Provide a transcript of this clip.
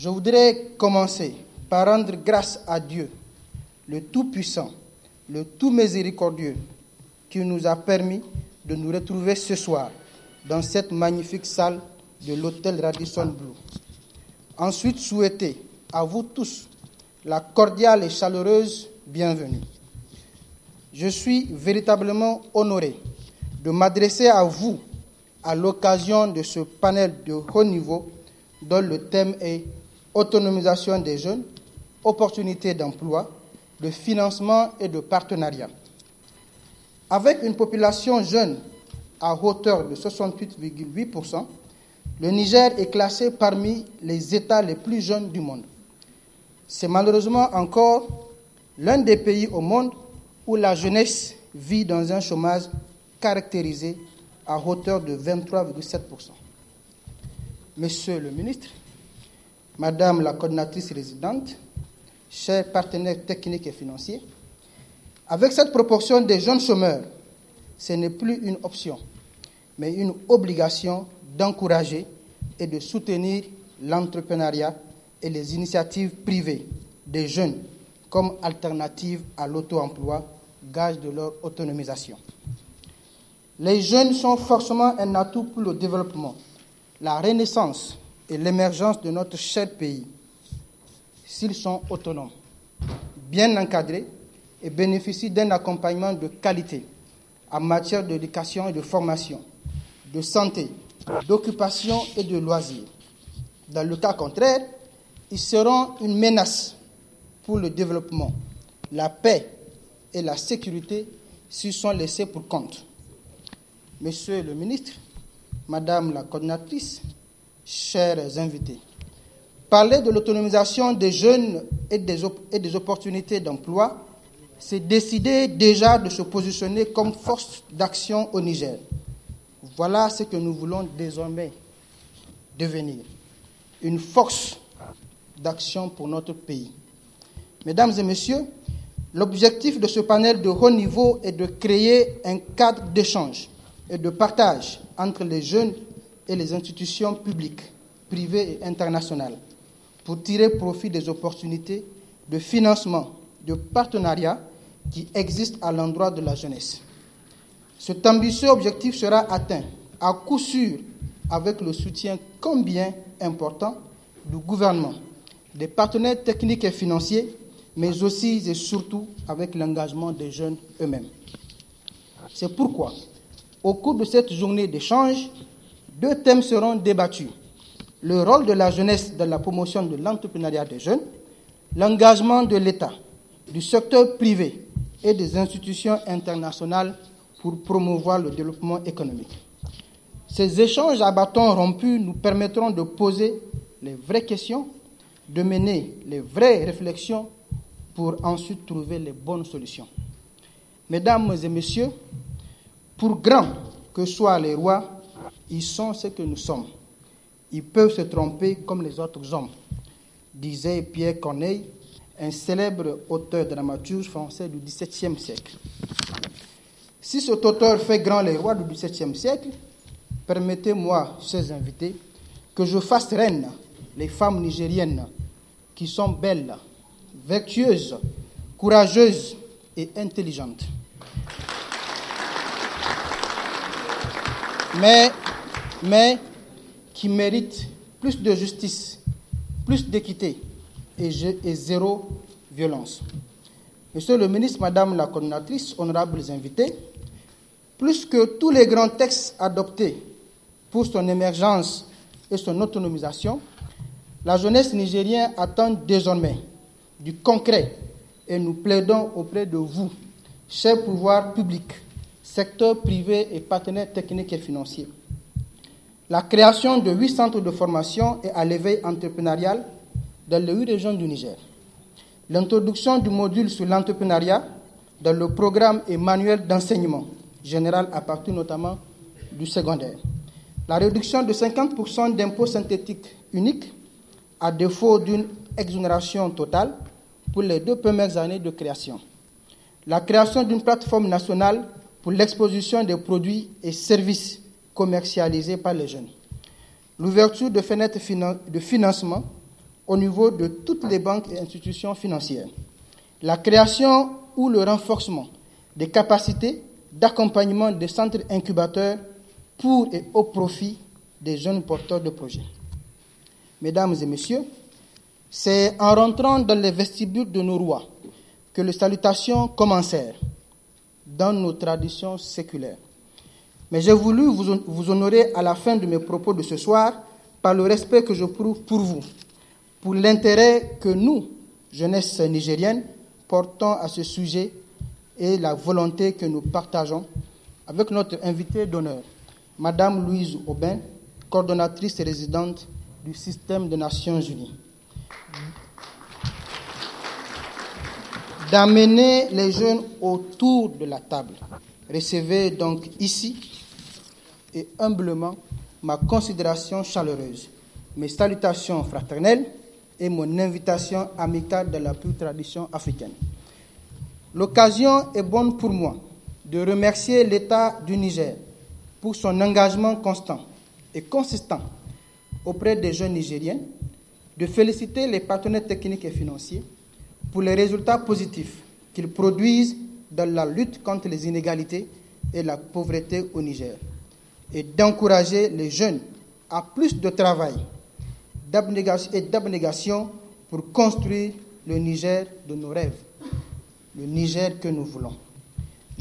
Je voudrais commencer par rendre grâce à Dieu, le Tout-Puissant, le Tout-Miséricordieux, qui nous a permis de nous retrouver ce soir dans cette magnifique salle de l'hôtel Radisson Blue. Ensuite, souhaiter à vous tous la cordiale et chaleureuse bienvenue. Je suis véritablement honoré de m'adresser à vous à l'occasion de ce panel de haut niveau dont le thème est autonomisation des jeunes, opportunités d'emploi, de financement et de partenariat. Avec une population jeune à hauteur de 68,8%, le Niger est classé parmi les États les plus jeunes du monde. C'est malheureusement encore l'un des pays au monde où la jeunesse vit dans un chômage caractérisé à hauteur de 23,7%. Monsieur le ministre, Madame la coordinatrice résidente, chers partenaires techniques et financiers, avec cette proportion des jeunes chômeurs, ce n'est plus une option, mais une obligation d'encourager et de soutenir l'entrepreneuriat et les initiatives privées des jeunes comme alternative à l'auto-emploi, gage de leur autonomisation. Les jeunes sont forcément un atout pour le développement, la renaissance et l'émergence de notre cher pays s'ils sont autonomes, bien encadrés et bénéficient d'un accompagnement de qualité en matière d'éducation et de formation, de santé, d'occupation et de loisirs. Dans le cas contraire, ils seront une menace pour le développement, la paix et la sécurité s'ils sont laissés pour compte. Monsieur le ministre, Madame la coordinatrice, chers invités, parler de l'autonomisation des jeunes et des, et des opportunités d'emploi, c'est décider déjà de se positionner comme force d'action au Niger. Voilà ce que nous voulons désormais devenir, une force d'action pour notre pays. Mesdames et messieurs, l'objectif de ce panel de haut niveau est de créer un cadre d'échange et de partage entre les jeunes et les institutions publiques, privées et internationales pour tirer profit des opportunités de financement, de partenariat qui existent à l'endroit de la jeunesse. Cet ambitieux objectif sera atteint à coup sûr avec le soutien combien important du gouvernement, des partenaires techniques et financiers, mais aussi et surtout avec l'engagement des jeunes eux-mêmes. C'est pourquoi, au cours de cette journée d'échange, deux thèmes seront débattus. Le rôle de la jeunesse dans la promotion de l'entrepreneuriat des jeunes, l'engagement de l'État, du secteur privé et des institutions internationales pour promouvoir le développement économique. Ces échanges à bâtons rompus nous permettront de poser les vraies questions, de mener les vraies réflexions pour ensuite trouver les bonnes solutions. Mesdames et messieurs, pour grands que soient les rois, ils sont ce que nous sommes. Ils peuvent se tromper comme les autres hommes, disait Pierre Corneille, un célèbre auteur dramaturge français du XVIIe siècle. Si cet auteur fait grand les rois du XVIIe siècle, permettez-moi, chers invités, que je fasse reine les femmes nigériennes qui sont belles, vertueuses, courageuses et intelligentes. Mais mais qui mérite plus de justice, plus d'équité et, zéro violence. Monsieur le ministre, Madame la coordinatrice, honorables invités, plus que tous les grands textes adoptés pour son émergence et son autonomisation, la jeunesse nigérienne attend désormais du concret et nous plaidons auprès de vous, chers pouvoirs publics, secteurs privés et partenaires techniques et financiers, la création de huit centres de formation et à l'éveil entrepreneurial dans les huit régions du Niger, l'introduction du module sur l'entrepreneuriat dans le programme et manuel d'enseignement général à partir notamment du secondaire, la réduction de 50% d'impôts synthétiques uniques à défaut d'une exonération totale pour les deux premières années de création, la création d'une plateforme nationale pour l'exposition des produits et services commercialisés par les jeunes. L'ouverture de fenêtres de financement au niveau de toutes les banques et institutions financières. La création ou le renforcement des capacités d'accompagnement des centres incubateurs pour et au profit des jeunes porteurs de projets. Mesdames et messieurs, c'est en rentrant dans les vestibules de nos rois que les salutations commencèrent dans nos traditions séculaires. Mais j'ai voulu vous honorer à la fin de mes propos de ce soir par le respect que je prouve pour vous, pour l'intérêt que nous, jeunesse nigérienne, portons à ce sujet et la volonté que nous partageons avec notre invitée d'honneur, Madame Louise Aubin, coordonnatrice résidente du système des Nations Unies. D'amener les jeunes autour de la table. Recevez donc ici et humblement ma considération chaleureuse, mes salutations fraternelles et mon invitation amicale de la plus tradition africaine. L'occasion est bonne pour moi de remercier l'État du Niger pour son engagement constant et consistant auprès des jeunes Nigériens, de féliciter les partenaires techniques et financiers pour les résultats positifs qu'ils produisent dans la lutte contre les inégalités et la pauvreté au Niger et d'encourager les jeunes à plus de travail et d'abnégation pour construire le Niger de nos rêves, le Niger que nous voulons.